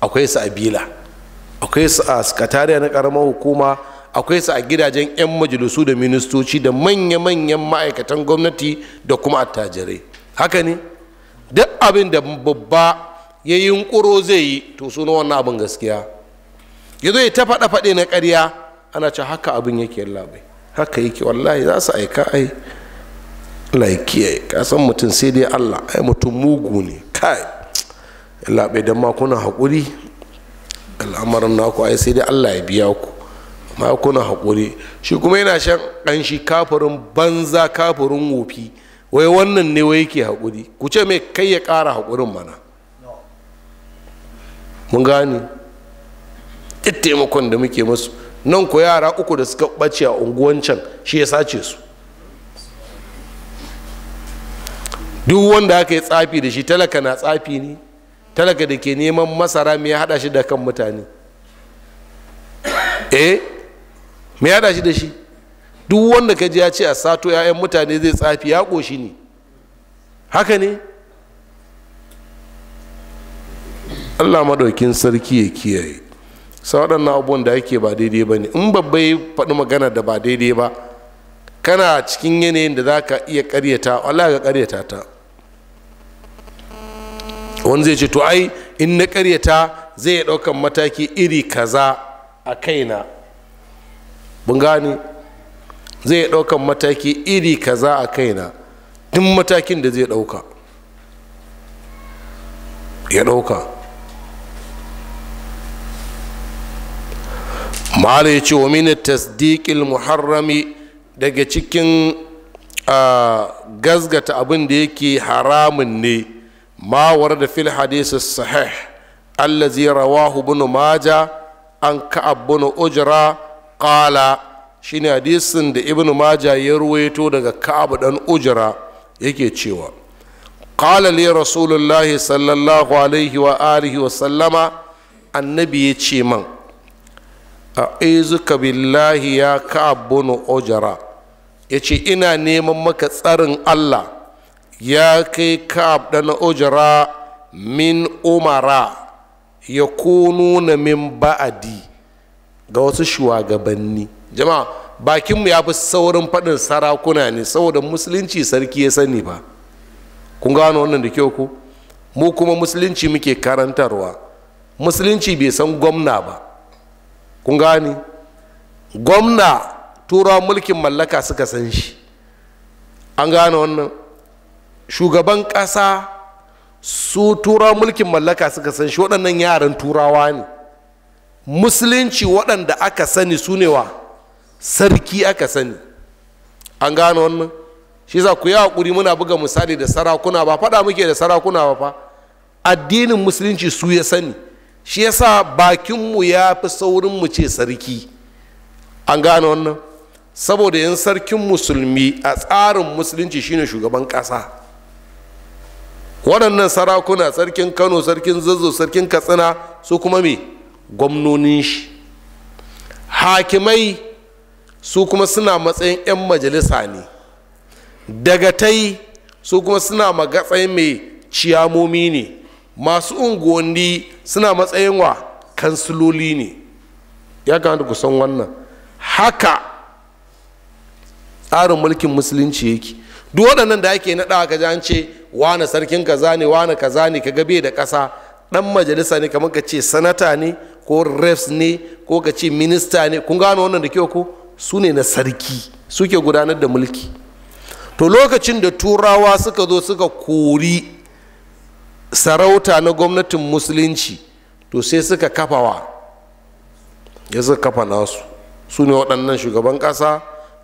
akwai su a bila akwai su a sakatariya na karamar hukuma akwai su a gidajen 'yan majalisu da ministoci da manya-manyan ma'aikatan gwamnati da kuma attajirai haka ne duk abin da babba ya yi yunkuro zai yi to suna wannan abin gaskiya ya zo ya ta faɗa faɗe na ƙarya ana ce haka abin yake labai haka yake wallahi za su aika ai laiki ya ka san mutum sai dai Allah ai mutum mugu ne kai labai don ma kuna haƙuri al'amarin naku ai sai dai Allah ya biya ku ma kuna haƙuri shi kuma yana shan ƙanshi kafirin banza kafirin wofi wai wannan ne wai yake haƙuri ku ce mai kai ya ƙara haƙurin mana mun gane duk taimakon da muke masu nan ko yara uku da suka ɓace a unguwancan shi ya sace su duk wanda aka yi tsafi da shi talaka na tsafi ne talaka da ke neman masara mai hada shi da kan mutane eh mai hada shi da shi duk wanda ka ji ya ce a sato 'ya'yan mutane zai tsafi ya ƙoshi ne haka ne allah maɗaukin sarki ya kiyaye sa waɗannan abubuwan da ake ba daidai ba ne in babba ya faɗi magana da ba daidai ba kana cikin yanayin da za ka iya ƙaryata allah ga ƙaryata ta wani zai ce to ai in na ƙaryata zai iya ɗaukan mataki iri kaza a kaina bun gane zai iya ɗaukan mataki iri kaza a kaina duk matakin da zai ɗauka ya ɗauka mala ya ce wa mini tasdiƙil muharrami daga cikin gazgata abin da yake haramun ne mawar da fil hadisi sahih allazi rawahu bin maja an ka'ab bin ujra qala shine hadisin da ibn maja ya ruwaito daga ka'ab dan ujra yake cewa qala li rasulullahi sallallahu alaihi wa alihi wa sallama annabi ya ce man a'izuka billahi ya ka'abunu ojara ya ce ina neman maka tsarin Allah ya kai ka'ab ɗan ojara min umara ya kununa min ba'adi ga wasu shugabanni jama'a bakinmu ya fi saurin faɗin sarakuna ne saboda musulunci sarki ya sani ba kun gano wannan da kyau ku mu kuma musulunci muke karantarwa musulunci bai san gwamna ba kun gane gwamna turawa mulkin mallaka suka san shi an gane wannan shugaban ƙasa su turawa mulkin mallaka suka san shi waɗannan yaran turawa ne musulunci waɗanda aka sani su ne wa sarki aka sani an gane wannan shi za ku yi haƙuri muna buga misali da sarakuna ba faɗa muke da sarakuna ba fa addinin musulunci su ya sani shi yasa bakinmu ya fi saurin mu ce sarki an gane wannan saboda yin sarkin musulmi a tsarin musulunci shine shugaban ƙasa waɗannan sarakuna sarkin kano sarkin zazzau sarkin katsina su kuma me gwamnonin shi hakimai su kuma suna matsayin 'yan majalisa ne dagatai su kuma suna magatsayin mai ciyamomi ne masu unguwanni suna matsayin wa kansiloli ne ya kamata ku san wannan haka tsarin mulkin musulunci yake duk waɗannan da ake naɗa ka an ce wane sarkin kaza ne wane kaza ne ka gabe da ƙasa ɗan majalisa ne kamar ka ce sanata ne ko refs ne ko ka ce minista ne kun gano wannan da kyau ko su ne na sarki suke gudanar da mulki to lokacin da turawa suka zo suka kori sarauta na gwamnatin musulunci to sai suka kafawa ya suka kafa nasu su ne waɗannan shugaban ƙasa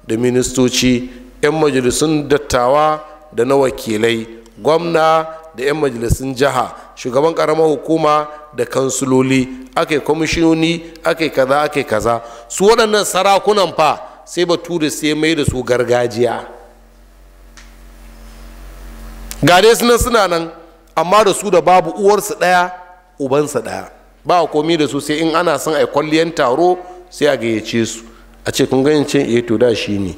da ministoci 'yan majalisun dattawa da na wakilai gwamna da 'yan majalisun jiha shugaban ƙaramar hukuma da kansuloli ake kwamishinoni ake kaza ake kaza su waɗannan sarakunan fa sai bature sai mai da su gargajiya ga dai suna nan amma da su da babu uwarsu ɗaya ubansa ɗaya ba komi da su sai in ana son a kwalliyan taro sai a gayyace su a ce kun ganin ce eh to da shi ne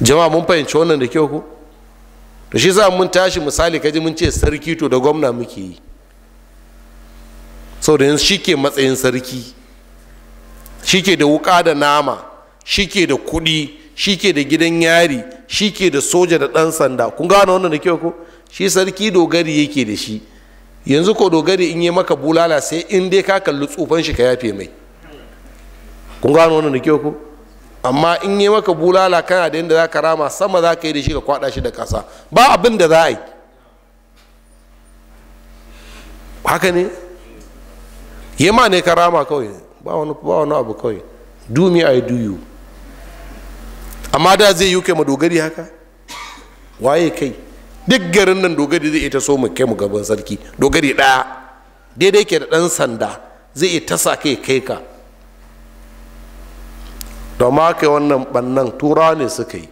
jama'a mun fahimci wannan da kyau ko to shi za mun tashi misali kaji mun ce sarki to da gwamna muke yi da yanzu shi ke matsayin sarki shi ke da wuka da nama shi ke da kuɗi shi ke da gidan yari shi ke da soja da ɗan sanda kun gane wannan da kyau ko shi sarki dogari yake da shi yanzu ko dogari in yi maka bulala sai in dai ka kalli tsufan shi ka yafe mai kun gano wannan da kyau ko amma in yi maka bulala kana da yadda za ka rama sama za ka yi da shi ka kwada shi da ƙasa ba abin da za a yi haka ne ma ne ka rama kawai ba wani abu kawai do me i do you amma da zai yi kai madogari haka waye kai duk garin nan dogari zai ita so mu kai mu gaban sarki dogari ɗaya daidai ke da ɗan sanda zai iya tasa kai kai ka da ma kai wannan bannan tura ne suka yi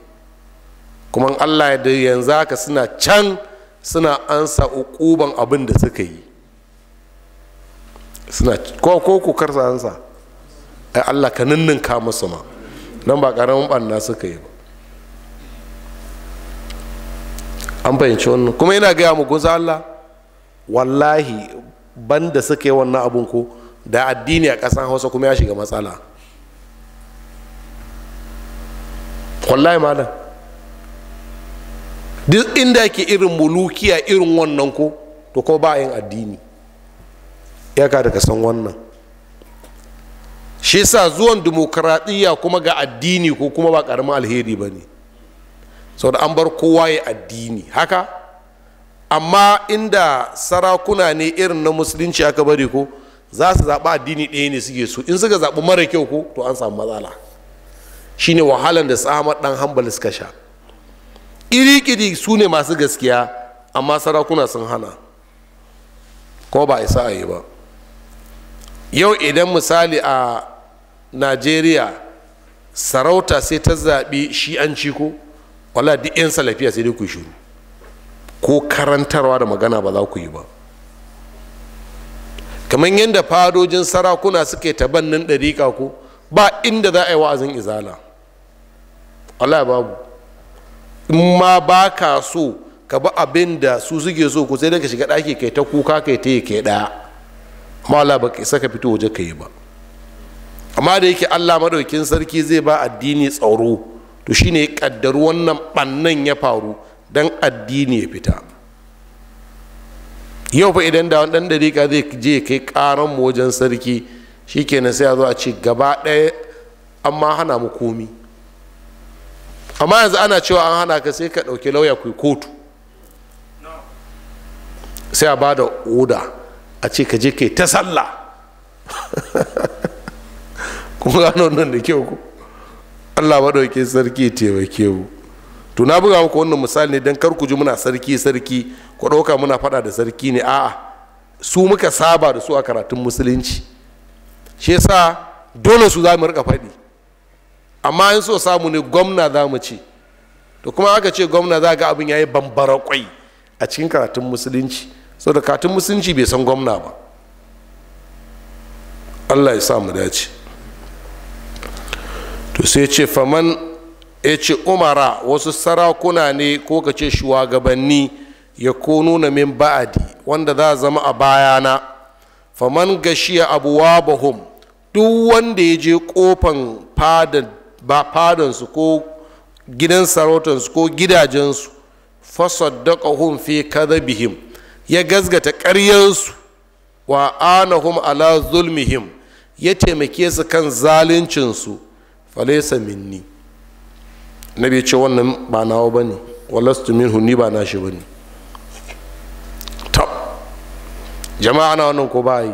kuma allah ya da yanzu haka suna can suna ansa ukuban abin da suka yi suna ko ko ku karsa ansa ai allah ka ninninka musu ma nan ba ƙaramin ɓanna suka yi ba an fahimci wannan kuma yana gaya mu goza Allah wallahi banda suka yi wannan abun ko da addini a ƙasan hausa kuma ya shiga matsala wallahi malam duk inda ke irin mulukiya irin wannan ko to ko ba yin addini ya ka daga san wannan shi sa zuwan dimokuraɗiyya kuma ga addini ko kuma ba ƙaramin alheri ba ne da an bar kowa ya addini haka amma inda sarakuna ne irin na musulunci aka bari ko za su zaɓi addini ɗaya ne suke so in suka zaɓi mara kyau ko to an samu matsala shine wahalan da tsamar ɗan hambal suka sha ƙiri su ne masu gaskiya amma sarakuna sun hana ko ba isa a yi ba yau idan misali a najeriya sarauta sai ta zaɓi shi'anci ko wala duk 'yan salafiya sai dai ku shiru ko karantarwa da magana ba za ku yi ba kamar yadda fadojin sarakuna suke tabannin ɗariƙa ko ba inda za a yi wa'azin izala allah babu in ma ba ka so ka bi abin da su suke so ko sai da ka shiga ɗaki kai ta kuka kai ta yi kai ɗaya amma wala ba ka fito waje ka yi ba amma da yake allah madaukin sarki zai ba addini tsaro to shine ya kaddar wannan bannan ya faru don addini ya fita yau fa idan da wani dan dariƙa zai je kai karan mu wajen sarki shikenan sai a zo a ce gaba ɗaya amma hana mu komi amma yanzu ana cewa an hana ka sai ka ɗauki lauya ku kotu sai a bada oda a ce ka je kai ta sallah kun gano nan da kyau ku allah maɗauki sarki taimake mu to na buga muku wannan misali ne don kar ku ji muna sarki sarki ku ɗauka muna faɗa da sarki ne a'a su muka saba da su a karatun musulunci shi yasa dole su za mu rika faɗi amma in so samu ne gwamna za mu ce to kuma aka ce gwamna za ga abin ya yi bambara kwai a cikin karatun musulunci da karatun musulunci bai san gwamna ba allah ya sa mu dace to sai ce faman ya ce umara wasu sarakuna ne ko ka ce shugabanni ya ko nuna min ba'adi wanda za a zama a bayana faman gashiya abuwa bahum duk wanda ya je kofan fadansu ko gidan sarautansu ko gidajensu fasaddaqahum fi kadhabihim ya gazgata ƙaryansu wa anahum ala zulmihim ya taimake su kan zaluncinsu Falesa minni nabi ce wannan ba nawa ba ne walastu minhu ni ba nashi ba ne tab jama'a na wannan ko ba yi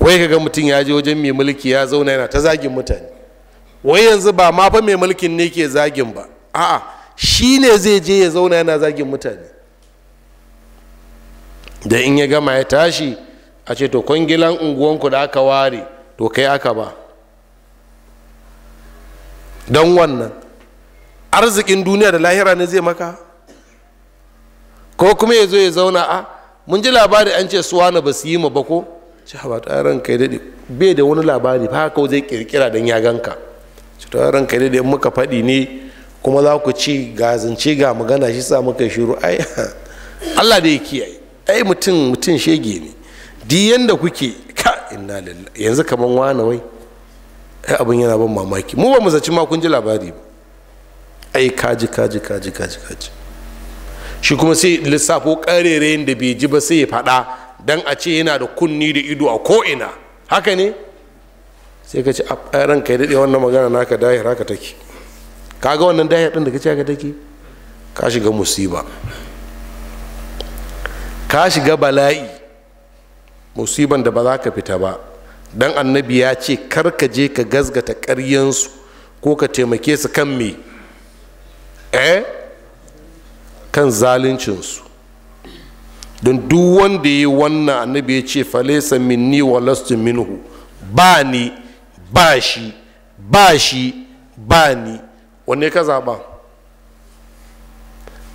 wai kaga mutum ya je wajen mai mulki ya zauna yana ta zagin mutane wai yanzu ba ma fa mai mulkin ne ke zagin ba a'a shi ne zai je ya zauna yana zagin mutane da in ya gama ya tashi a ce to kwangilan unguwanku da aka ware to kai aka ba don wannan arzikin duniya da lahira ne zai maka ko kuma ya zo ya zauna a ah, mun ji labari an ce na ba su yi ma ba ko ci ba ta ranka kai daɗe bai da wani labari ba haka zai kirkira don ya ganka ci ta ran kai daɗe muka faɗi ne kuma za ku ci ga zance ga magana shi sa muka shiru ai Allah da ya kiyaye ai mutum mutum shege ne di yanda kuke ka inna lillahi yanzu kaman wani wai ai eh, abin yana ban mamaki mu ba mu zaci ma kun ji labari ba ai kaji kaji kaji kaji kaji shi kuma sai lissafo karere da bai ji ba sai ya faɗa dan a ce yana da kunni da ido a ko'ina haka ne sai ka ci a ran kai daɗe wannan magana naka dahi haka take kaga wannan dahi ɗin da ka ce haka take ka shiga musiba ka shiga bala'i musiban da ba za ka fita ba dan annabi ya ce kar ka je ka gazgata ƙaryansu ko ka taimake su kan me eh kan zaluncinsu don duk wanda ya yi wannan annabi ya ce falesa minni wa lastu minhu ba ni ba shi ba shi ba ni wanne ka zaɓa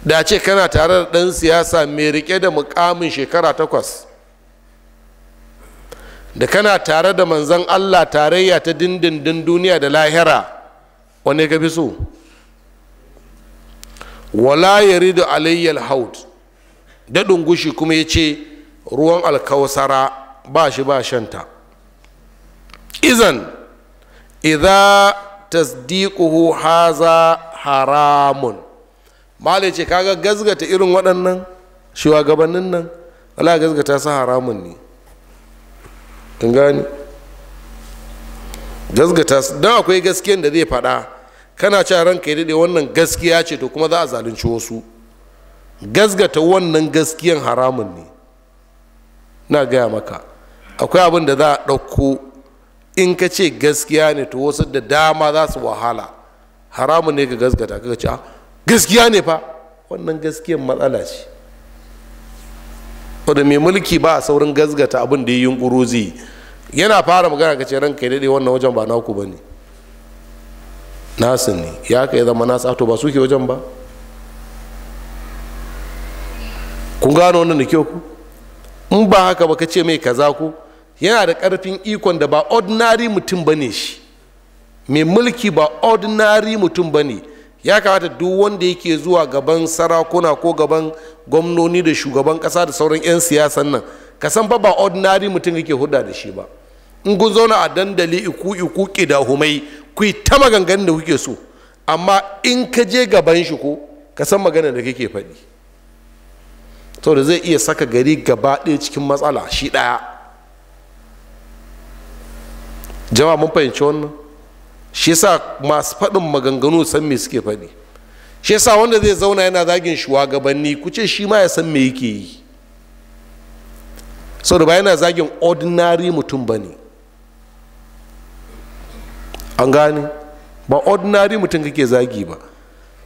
da ce kana tare da ɗan siyasa mai rike da mukamin shekara takwas da kana tare da manzan allah tarayya ta dindindin duniya da lahira wane ka fi so wala ya ridu alayyal haud daɗin gushi kuma ya ce ruwan alkawasara ba shi ba shanta izan idza tasdiquhu haza haramun malai ce kaga gazgata irin waɗannan shugabannin nan wala gazgata su haramun ne Kan gani gasgata su don akwai gaskiyan da zai faɗa kana cewa ranka ya daɗe wannan gaskiya ce to kuma za a zalunci wasu gasgata wannan gaskiyan haramun ne na gaya maka akwai abin da za a ɗauko in ka ce gaskiya ne to wasu da dama za su wahala haramun ne ka gasgata ka ce ah, gaskiya ne fa wannan gaskiyan matsala ce da mai mulki ba a saurin gazgata abin da ya yunkuru zai yana fara magana ka ce ranka ya daɗe wannan wajen ba naku ba ne nasu ne ya ka yi zama nasu ato ba suke wajen ba kun gano wannan da kyau ku in ba haka ba ka ce mai kaza ku yana da ƙarfin ikon da ba ordinary mutum ba ne shi mai mulki ba ordinary mutum ba ne ya kamata duk wanda yake zuwa gaban sarakuna ko gaban gwamnoni da shugaban kasa da sauran 'yan siyasan nan ka san ba ba ordinary mutum yake hudda da shi ba in kun zauna a dandali iku iku kidahumai ku yi ta maganganun da kuke so amma in ka je gaban shi ko ka san maganar da kake faɗi da zai iya saka gari gaba ɗaya cikin matsala shi ɗaya jama'a mun fahimci wannan shi yasa masu faɗin maganganu san me suke faɗi shi yasa wanda zai zauna yana zagin shugabanni ku ce shi ma ya san me yake yi saboda ba yana zagin ordinary mutum ba ne an gane ba ordinary mutum kake zagi ba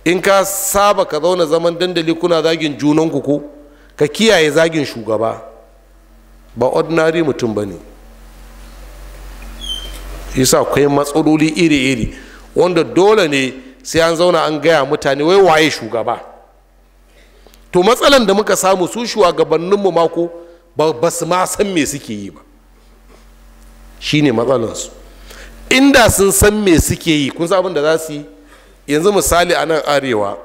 in ka saba ka zauna zaman dandali kuna zagin junanku ko ka kiyaye zagin shugaba ba ordinary mutum ba ne yasa akwai matsaloli iri-iri wanda dole ne sai an zauna an gaya mutane wai waye shugaba to matsalan da muka samu su shugabanninmu mako ba su ma san me suke yi ba shine matsalansu inda sun san me suke yi kun san abin da za su yanzu misali a nan arewa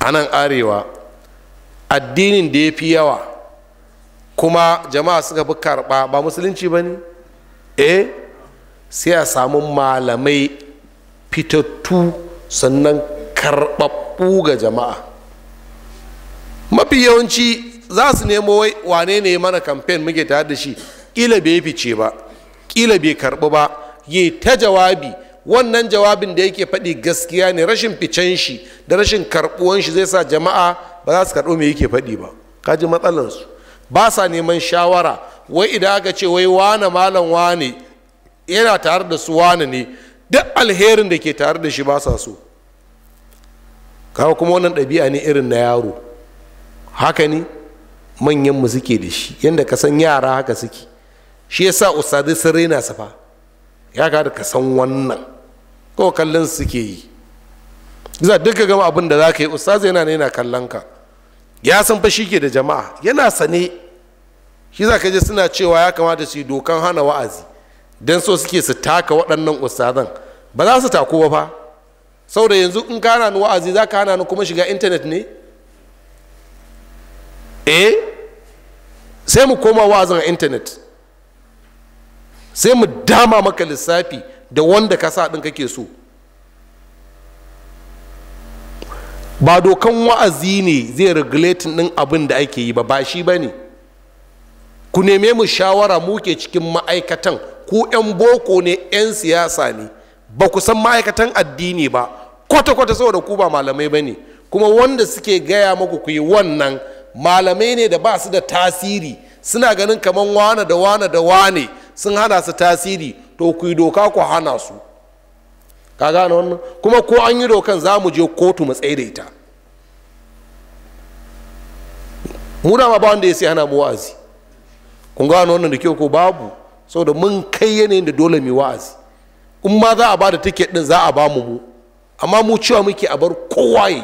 a arewa addinin da ya fi yawa kuma jama'a suka fi karɓa ba musulunci ba ne eh sai a samu malamai fitattu sannan karɓaɓɓu ga jama'a mafi yawanci za su nemo wane ne mana kamfen muke tare da shi ƙila bai fice ba ƙila bai karɓi ba yi ta jawabi wannan jawabin da yake faɗi gaskiya ne rashin ficen shi da rashin karɓuwan shi zai sa jama'a ba za su karɓi me yake faɗi ba kaji matsalarsu. ba sa neman shawara wai idan aka ce wai wane malam wane yana tare da su wane ne duk alherin da ke tare da shi ba sa so kawo kuma wannan ɗabi'a ne irin na yaro haka ne manyanmu suke da shi yadda ka san yara haka suke shi ya sa usadi sun raina su fa ya da ka san wannan ko kallon suke yi za duka gama abin da za ka yi usadi yana ne yana kallon ka ya san fa ke da jama'a yana sane shi za ka je suna cewa ya kamata su yi dokan hana wa'azi don so suke su taka waɗannan ustazan ba za su tako ba fa saboda yanzu in ka hana ni wa'azi za ka hana ni kuma shiga intanet ne eh sai mu koma wa'azin a intanet sai mu dama maka lissafi da wanda ka sa ɗin kake so ba dokan wa'azi ne zai regulatin ɗin abin da ake yi ba ba shi ba ne ku neme mu shawara mu ke cikin ma'aikatan ku 'yan boko ne 'yan siyasa ne ba ku san ma'aikatan addini ba kwata-kwata saboda ku ba malamai ba ne kuma wanda suke gaya maku ku yi wannan malamai ne da ba su da tasiri suna ganin kamar wane da wane da wane sun hana su tasiri to ku yi doka ku hana su ka gane wannan kuma ko an yi dokan za mu je kotu mu da ita mu ma ba wanda ya sai hana mu wa'azi kun gane wannan da kyau ko babu saboda mun kai yanayin da dole mu wa'azi in ma za a ba da tiket din za a ba mu mu amma mu cewa muke a bar kowa ya yi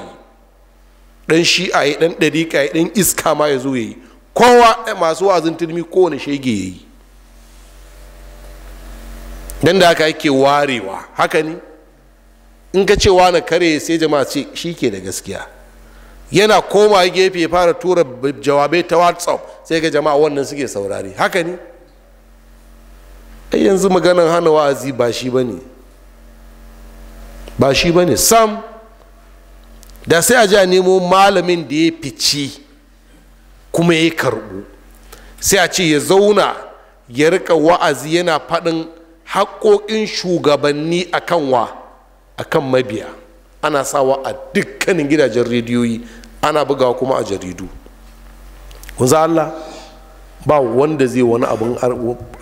dan shi'a ya dan dariƙa ya dan iska ma ya zo ya yi kowa eh, masu wa'azin turmi kowane shege ya yi dan da haka yake warewa haka ne in ka cewa na kare sai jama'a ce shi ke da gaskiya yana koma gefe fara tura jawabai ta whatsapp sai ga jama'a wannan suke saurari haka ne ai yanzu maganan hana wa'azi ba shi ba ne ba shi ba ne sam da sai a ja nemo malamin da ya fici kuma ya karbu sai a ce ya zauna ya rika wa'azi yana faɗin haƙoƙin shugabanni a kan wa Akan mabiya ana sawa a dukkanin gidajen rediyoyi ana bugawa kuma a jaridu kunza Allah ba wanda zai wani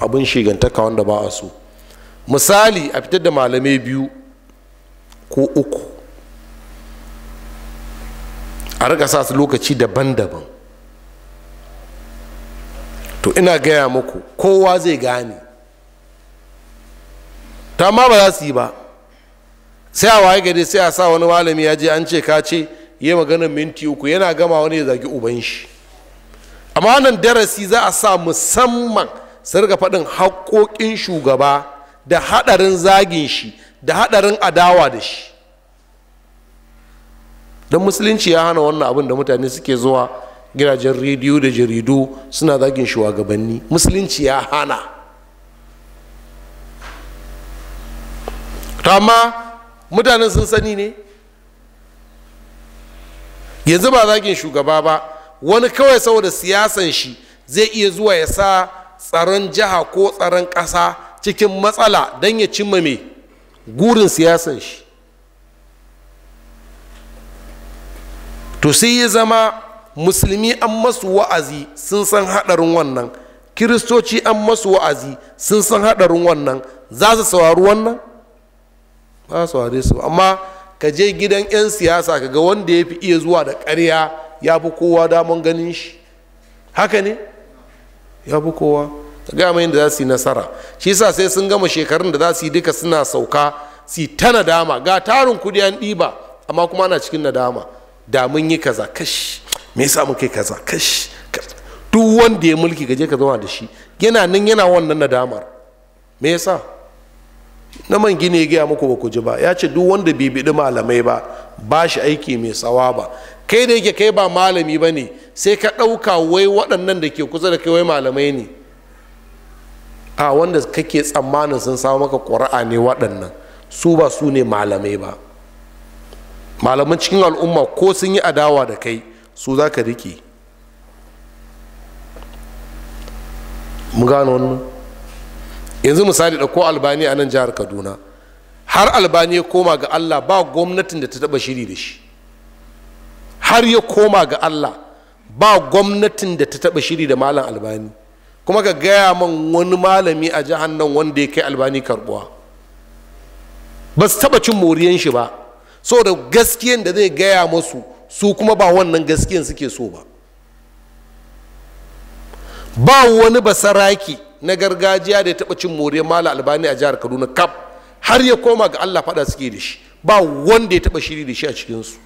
abin shigantaka wanda ba a so misali a fitar da malamai biyu ko uku a rika sa su lokaci daban-daban to ina gaya muku kowa zai gane ta ma ba za su yi ba sai a waye gari sai a sa wani malami ya je an ce ka ce yi maganar minti uku yana gama wani ya zagi uban shi amma wannan darasi za a sa musamman su rika faɗin haƙoƙin shugaba da haɗarin zagin shi da haɗarin adawa da shi don musulunci ya hana wannan abin da mutane suke zuwa gidajen rediyo da jaridu suna zagin shugabanni musulunci ya hana amma mutanen sun sani ne yanzu ba zagin shugaba ba wani kawai saboda siyasan shi zai iya zuwa ya sa tsaron jiha ko tsaron ƙasa cikin matsala don ya cimma mai gurin siyasan shi to sai ya zama musulmi an masu wa'azi sun san haɗarin wannan kiristoci an masu wa'azi sun san haɗarin wannan za su saurari wannan ba su ware su amma ka je gidan 'yan siyasa ka ga wanda ya fi iya zuwa da ƙarya ya fi kowa damon ganin shi haka ne ya fi kowa ka gaya mai da za su yi nasara shi sa sai sun gama shekarun da za su yi duka suna sauka su ta nadama ga tarin kudi an ɗiba amma kuma ana cikin nadama da mun yi kaza kashi me yasa mun kai kaza kashi duk wanda ya mulki gaje ka zama da shi yana nan yana wannan nadamar me yasa na man gini ya gaya muku ba ku ji ba ya ce duk wanda bai biɗi malamai ba ba shi aiki mai tsawa ba kai da yake kai ba malami ba ne sai ka ɗauka wai waɗannan da ke kusa da kai wai malamai ne a wanda kake tsammanin sun samu maka ƙuri'a ne waɗannan su ba su ne malamai ba malaman cikin al'umma ko sun yi adawa da kai su za ka riƙe mu gano wannan yanzu misali ɗauko albani a nan jihar kaduna har albani ya koma ga allah ba gwamnatin da ta taɓa shiri da shi har ya koma ga allah ba gwamnatin da ta taɓa shiri da malam albani kuma ka gaya man wani malami a jihar nan wanda ya kai albani karbuwa ba su taɓa cin moriyan shi ba da gaskiyan da zai gaya masu su kuma ba wannan gaskiyan suke so ba ba wani basaraki na gargajiya da ya taɓa cin moriyar mala albani a jihar kaduna kaf har ya koma ga allah faɗa suke da shi ba wanda ya taɓa shiri da shi a cikinsu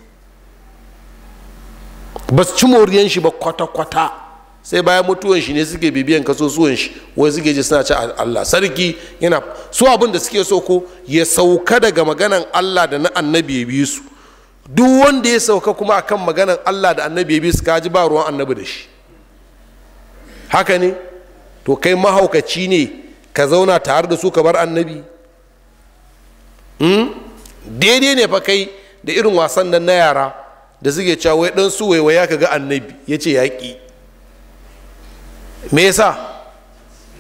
ba su ci moriyar shi ba kwata-kwata sai bayan mutuwan shi ne suke bibiyan suwan shi wai suke ji suna ci allah sarki yana su abin da suke so ko ya sauka daga maganan allah da na annabi ya bi su duk wanda ya sauka kuma akan maganan allah da annabi ya bi su kaji ba ruwan annabi da shi haka ne to kai mahaukaci ne ka zauna tare da su ka bar annabi hmm? daidai ne fa kai da irin wasan nan na yara da suke cewa dan su ya ka ga annabi ya ce yaƙi me yasa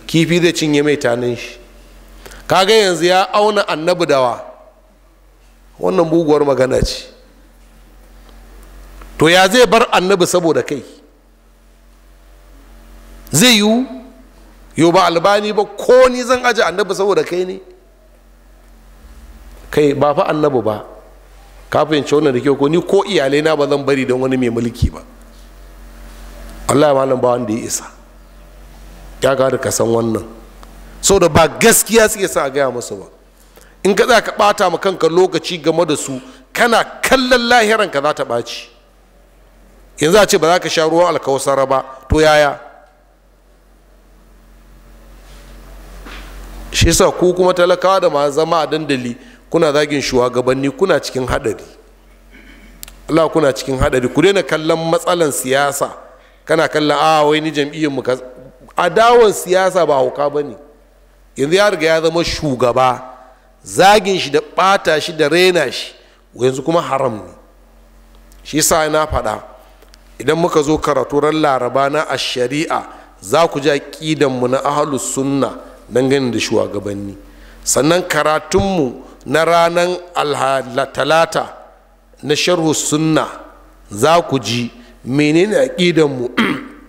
kifi zai cinye mai tanin shi kaga yanzu ya auna annabi dawa wannan buguwar magana ce to ya zai bar annabi saboda kai zai yiwu yau ba albani ba ko ni zan aji annabi saboda kai ne kai ba fa annabi ba ka fahimci wannan da kyau ko ni ko iyalai na ba zan bari don wani mai mulki ba Allah ya malam ba wanda ya isa ya gada ka san wannan da ba gaskiya suke sa a gaya musu ba in ka za ka bata ma kanka lokaci game da su kana kallon ka za ta ɓaci yanzu a ce ba za ka sha ruwan alkawasara ba to yaya shi yasa ku kuma talakawa da masu zama a dandali kuna zagin shugabanni kuna cikin hadari Allah kuna cikin hadari ku daina kallon matsalan siyasa kana kallon a ah, wai ni jam'iyyar mu adawan siyasa ba hauka bane yanzu ya riga ya zama shugaba zagin shi da bata shi da rena shi yanzu kuma haram ne shi yasa na faɗa idan muka zo karatu ran laraba na a shari'a za ku ji aqidan mu na ahlus sunna dangane da shugabanni sannan karatunmu na ranar talata na sharhu sunna za ku ji menene aƙidanmu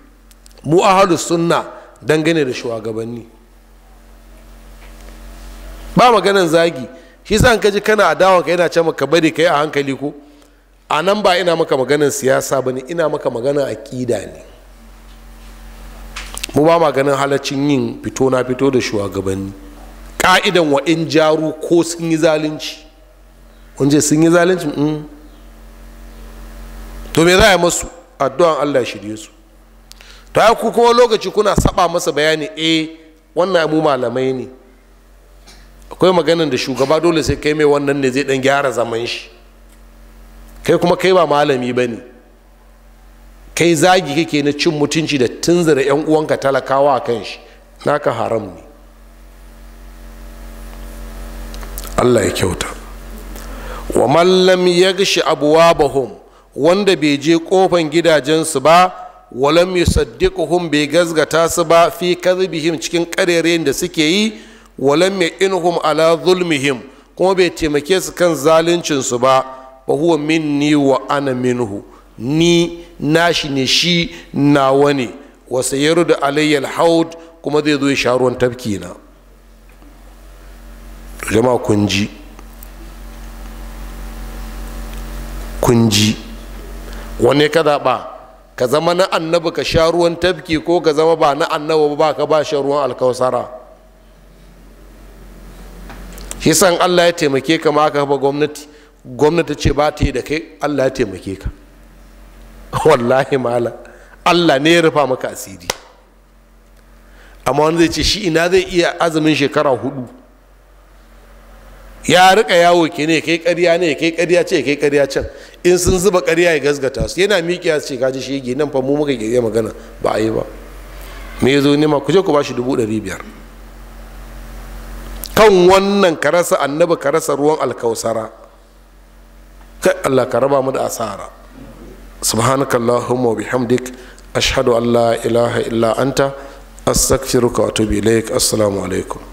mu ahalus sunna dangane da shugabanni ba maganan zagi shi sa ka ji kana adawanka yana ce ka bari kai a hankali ko a nan ba ina maka maganan siyasa ba ne ina maka maganan aƙida ne mu ba ma ganin halaccin yin fito na fito da shugabanni ka'idan wa in jaru ko sun yi zalunci wanje sun yi zalunci mm. to me za a masu addu'an allah shirye su to ya ku kuma lokaci kuna saba masa bayani eh wannan mu malamai ne akwai maganin da shugaba dole sai kai mai wannan ne zai dan gyara zaman shi kai kuma kai ba malami ba ne kai zagi kake na cin mutunci da tunzura 'yan uwanka talakawa a kan shi naka haram ne allah ya kyauta wa mallam ya gashi abuwa bahum wanda bai je kofan gidajensu ba walam yusaddiquhum bai gazgata su ba fi kadhibihim cikin karerayen da suke yi walam yainhum ala zulmihim kuma bai taimake su kan zaluncinsu ba fa huwa minni wa ana minhu ni nashi ne shi nawa ne wasa ya da alayyal haud kuma zai zo ya sha ruwan tafki na jama kunji kunji ka zaɓa ka zama na annabi ka sha ruwan tafki ko ka zama ba na annabi ba ka ba sha ruwan alkawasara shi san allah ya taimake ka ma ka ba gwamnati gwamnati ce ba ta yi da kai allah ya taimake ka wallahi mala allah ne ya rufa maka asiri amma wani zai ce shi ina zai iya azumin shekara hudu ya rika yawo ke ne kai karya ne kai karya ce kai karya can in sun zuba karya ya gasgata su yana ya ce kaji shi nan fa mu muka gege magana ba a yi ba me ya zo nema ku je ku ba shi dubu ɗari biyar kan wannan ka rasa annabi ka rasa ruwan alkausara kai allah ka raba mu da asara subhanakallahumma wa bihamdik ashhadu an la ilaha illa anta astaghfiruka wa atubu ilaik assalamu alaikum